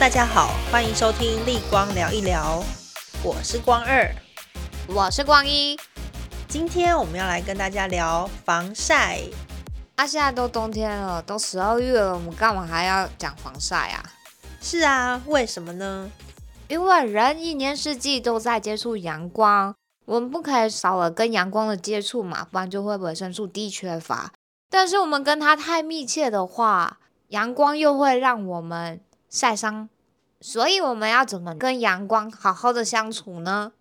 大家好，歡迎收聽《立光聊一聊》，我是光二，我是光一。今天我們要來跟大家聊防曬。啊，現在都冬天了，都十二月了，我們幹嘛還要講防曬啊？是啊，為什麼呢？因為人一年四季都在接觸陽光，我們不可以少了跟陽光的接觸嘛，不然就會維生素 D 缺乏。但是我們跟它太密切的話，陽光又會讓我們曬傷，所以我們要怎麼跟陽光好好的相處呢？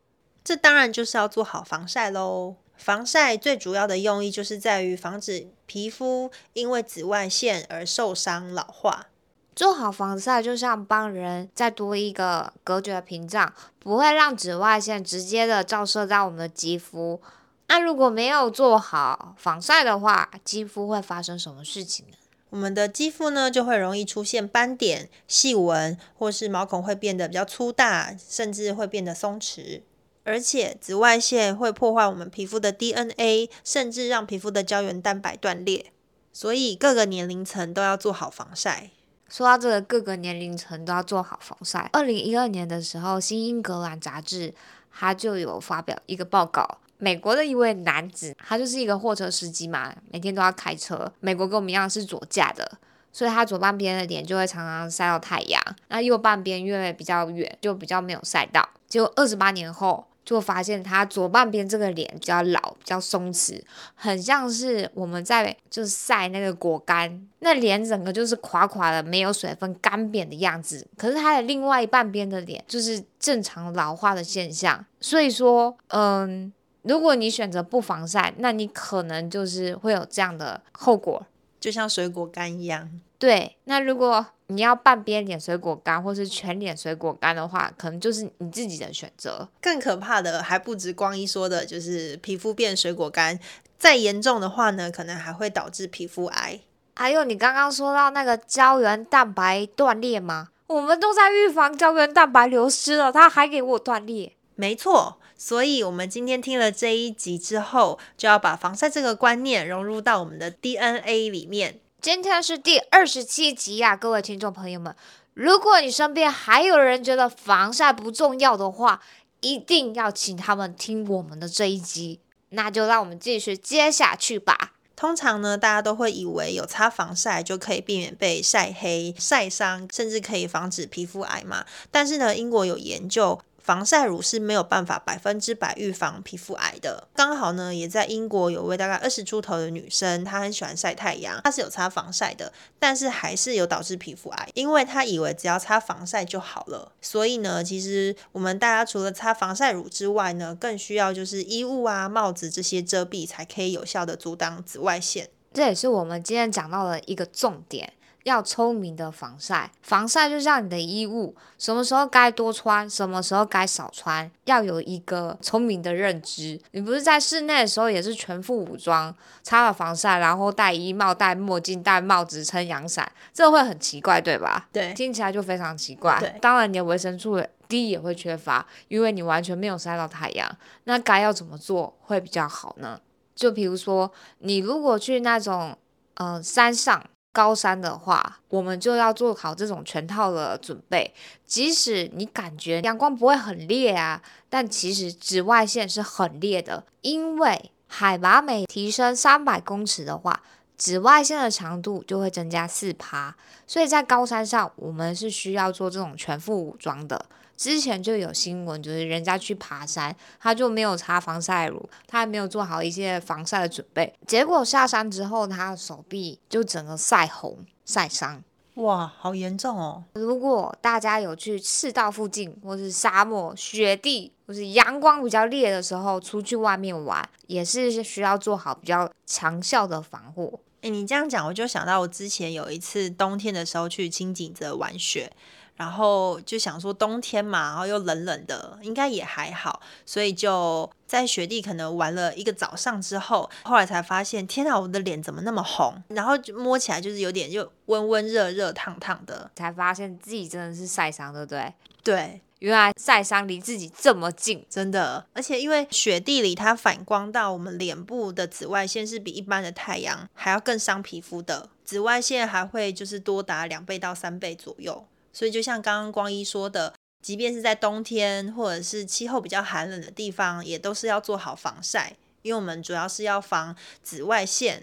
這當然就是要做好防曬嘍。防曬最主要的用意就是在於防止皮膚因為紫外線而受傷老化。做好防曬就像幫人再多一個隔絕屏障，不會讓紫外線直接的照射在我們的肌膚。那如果沒有做好防曬的話，肌膚會發生什麼事情呢？我們的肌膚呢，就會容易出現斑點、細紋，或是毛孔會變得比較粗大，甚至會變得鬆弛。而且，紫外線會破壞我們皮膚的 DNA，甚至讓皮膚的膠原蛋白斷裂。所以，各個年齡層都要做好防曬。說到這個，各個年齡層都要做好防曬。二零一二年的時候，《新英格蘭雜誌》它就有發表一個報告。美國的一位男子，他就是一個貨車司機嘛，每天都要開車。美國跟我們一樣是左駕的，所以他左半邊的臉就會常常曬到太陽，那右半邊因為比較遠，就比較沒有曬到。結果二十八年後，就發現他左半邊這個臉比較老，比較鬆弛，很像是我們在就是曬那個果乾，那臉整個就是垮垮的，沒有水分，乾癟的樣子。可是他的另外一半邊的臉就是正常老化的現象。所以說，嗯。如果你選擇不防曬，那你可能就是會有這樣的後果，就像水果乾一樣。對，那如果你要半邊臉水果乾，或是全臉水果乾的話，可能就是你自己的選擇。更可怕的還不止光一說的，就是皮膚變水果乾，再嚴重的話呢，可能還會導致皮膚癌。還有你剛剛說到那個膠原蛋白斷裂嗎？我們都在預防膠原蛋白流失了，它還給我斷裂。沒錯。所以，我們今天聽了這一集之後，就要把防曬這個觀念融入到我們的 DNA 裡面。今天是第二十七集呀、啊，各位聽眾朋友們，如果你身邊還有人覺得防曬不重要的話，一定要請他們聽我們的這一集。那就讓我們繼續接下去吧。通常呢，大家都會以為有擦防曬就可以避免被曬黑、曬傷，甚至可以防止皮膚癌嘛。但是呢，英國有研究。防曬乳是沒有辦法百分之百預防皮膚癌的。剛好呢，也在英國有位大概二十出頭的女生，她很喜歡曬太陽，她是有擦防曬的，但是還是有導致皮膚癌，因為她以為只要擦防曬就好了。所以呢，其實我們大家除了擦防曬乳之外呢，更需要就是衣物啊、帽子這些遮蔽，才可以有效的阻擋紫外線。這也是我們今天講到的一個重點。要聰明的防曬，防曬就像你的衣物，什麼時候該多穿，什麼時候該少穿，要有一個聰明的認知。你不是在室內的時候也是全副武裝，擦了防曬，然後戴衣帽、戴墨鏡、戴帽子、撐陽傘，這會很奇怪，對吧？對，聽起來就非常奇怪。對，當然你的維生素 D 也會缺乏，因為你完全沒有曬到太陽。那該要怎麼做會比較好呢？就比如說，你如果去那種嗯、呃、山上。高山的話，我們就要做好這種全套的準備。即使你感覺陽光不會很烈啊，但其實紫外線是很烈的。因為海拔每提升三百公尺的話，紫外線的強度就會增加四趴。所以在高山上，我們是需要做這種全副武裝的。之前就有新聞，就是人家去爬山，他就沒有擦防曬乳，他還沒有做好一些防曬的準備，結果下山之後，他的手臂就整個曬紅、曬傷。哇，好嚴重哦！如果大家有去赤道附近，或是沙漠、雪地，或是陽光比較烈的時候出去外面玩，也是需要做好比較強效的防護。誒、欸，你這樣講，我就想到我之前有一次冬天的時候去輕井澤玩雪。然後就想說冬天嘛，然後又冷冷的，應該也還好，所以就在雪地可能玩了一個早上之後，後來才發現，天啊，我的臉怎麼那麼紅？然後就摸起來就是有點就溫溫熱熱燙燙燙的，才發現自己真的是曬傷，對不對？對，原來曬傷離自己這麼近，真的。而且因為雪地裡它反光到我們臉部的紫外線是比一般的太陽還要更傷皮膚的，紫外線還會就是多達兩倍到三倍左右。所以，就像剛剛光一說的，即便是在冬天或者是氣候比較寒冷的地方，也都是要做好防曬，因為我們主要是要防紫外線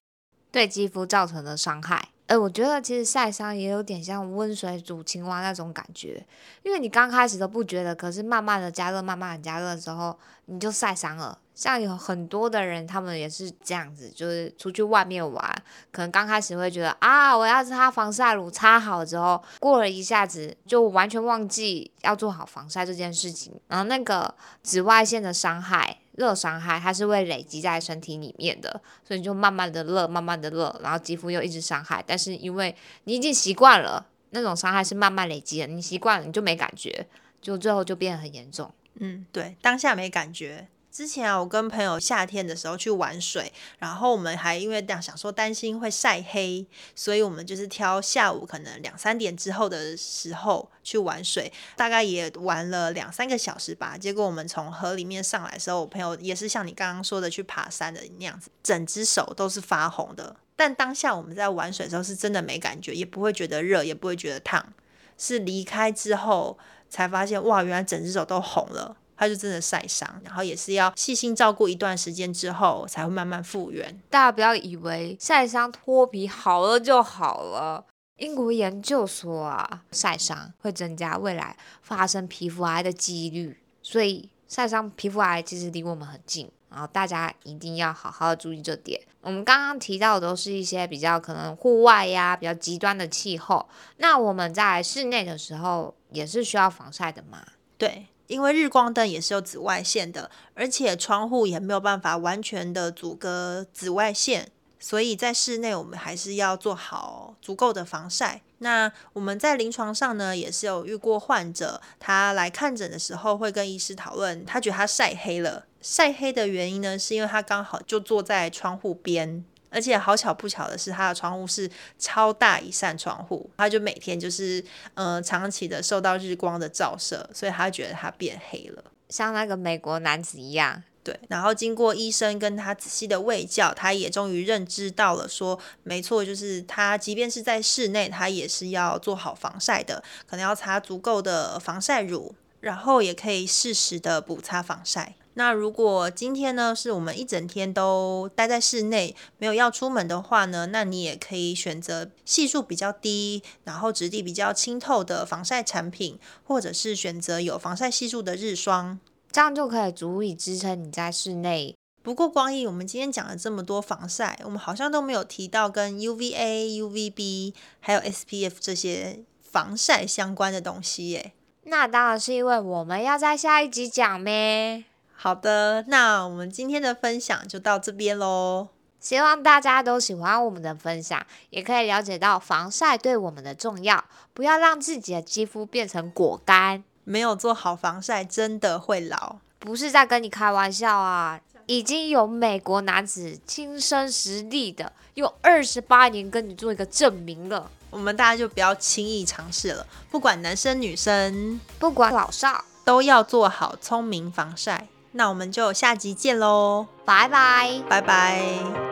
對肌膚造成的傷害。哎、欸，我覺得其實曬傷也有點像溫水煮青蛙那種感覺，因為你剛開始都不覺得，可是慢慢的加熱，慢慢的加熱之後，你就曬傷了。像有很多的人，他們也是這樣子，就是出去外面玩，可能剛開始會覺得啊，我要擦防曬乳，擦好之後，過了一下子就完全忘記要做好防曬這件事情，然後那個紫外線的傷害。熱傷害它是會累積在身體裡面的，所以就慢慢的熱，慢慢的熱，然後肌膚又一直傷害。但是因為你已經習慣了，那種傷害是慢慢累積的，你習慣了，你就沒感覺，就最後就變得很嚴重。嗯，對，當下沒感覺。之前啊，我跟朋友夏天的時候去玩水，然後我們還因為這樣想說擔心會曬黑，所以我們就是挑下午可能兩三點之後的時候去玩水，大概也玩了兩三個小時吧。結果我們從河裡面上來的時候，我朋友也是像你剛剛說的去爬山的那樣子，整隻手都是發紅的。但當下我們在玩水的時候是真的沒感覺，也不會覺得熱，也不會覺得燙，是離開之後才發現，哇，原來整隻手都紅了。它就真的曬傷，然後也是要細心照顧一段時間之後才會慢慢復原。大家不要以為曬傷脫皮好了就好了。英國研究說啊，曬傷會增加未來發生皮膚癌的幾率，所以曬傷、皮膚癌其實離我們很近，然後大家一定要好好注意這點。我們剛剛提到的都是一些比較可能戶外呀、比較極端的氣候，那我們在室內的時候也是需要防曬的嘛？對。因為日光燈也是有紫外線的，而且窗戶也沒有辦法完全的阻隔紫外線，所以在室內我們還是要做好足夠的防曬。那我們在臨床上呢，也是有遇過患者，他來看診的時候會跟醫師討論，他覺得他曬黑了。曬黑的原因呢，是因為他剛好就坐在窗戶邊。而且好巧不巧的是，他的窗戶是超大一扇窗戶，他就每天就是嗯、呃、長期的受到日光的照射，所以他覺得他變黑了，像那個美國男子一樣。對，然後經過醫生跟他仔細的衛教，他也終於認知到了說，說沒錯，就是他即便是在室內，他也是要做好防曬的，可能要擦足夠的防曬乳，然後也可以適時的補擦防曬。那如果今天呢，是我們一整天都待在室內，沒有要出門的話呢，那你也可以選擇係數比較低，然後質地比較清透的防曬產品，或者是選擇有防曬係數的日霜，這樣就可以足以支撐你在室內。不過光，光一我們今天講了這麼多防曬，我們好像都沒有提到跟 UVA、UVB 還有 SPF 這些防曬相關的東西耶。那當然是因為我們要在下一集講咩。好的，那我們今天的分享就到這邊嘍。希望大家都喜歡我們的分享，也可以了解到防曬對我們的重要，不要讓自己的肌膚變成果乾。沒有做好防曬，真的會老。不是在跟你開玩笑啊！已經有美國男子親身實力的用二十八年跟你做一個證明了。我們大家就不要輕易嘗試了，不管男生女生，不管老少，都要做好聰明防曬。那我們就下集見嘍，拜拜，拜拜。